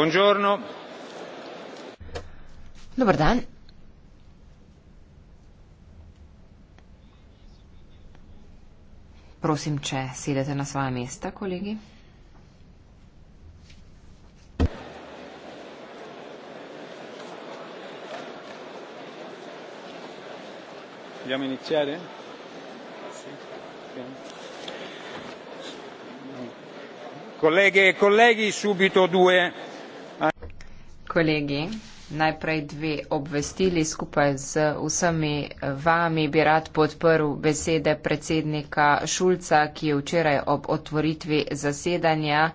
Buongiorno. Dobar dan. Prosim, če sedete na svoje mesta, kolegi. Vogliamo iniziare? Colleghe e colleghi, subito due kolegi. Najprej dve obvestili skupaj z vsemi vami bi rad podprl besede predsednika Šulca, ki je včeraj ob otvoritvi zasedanja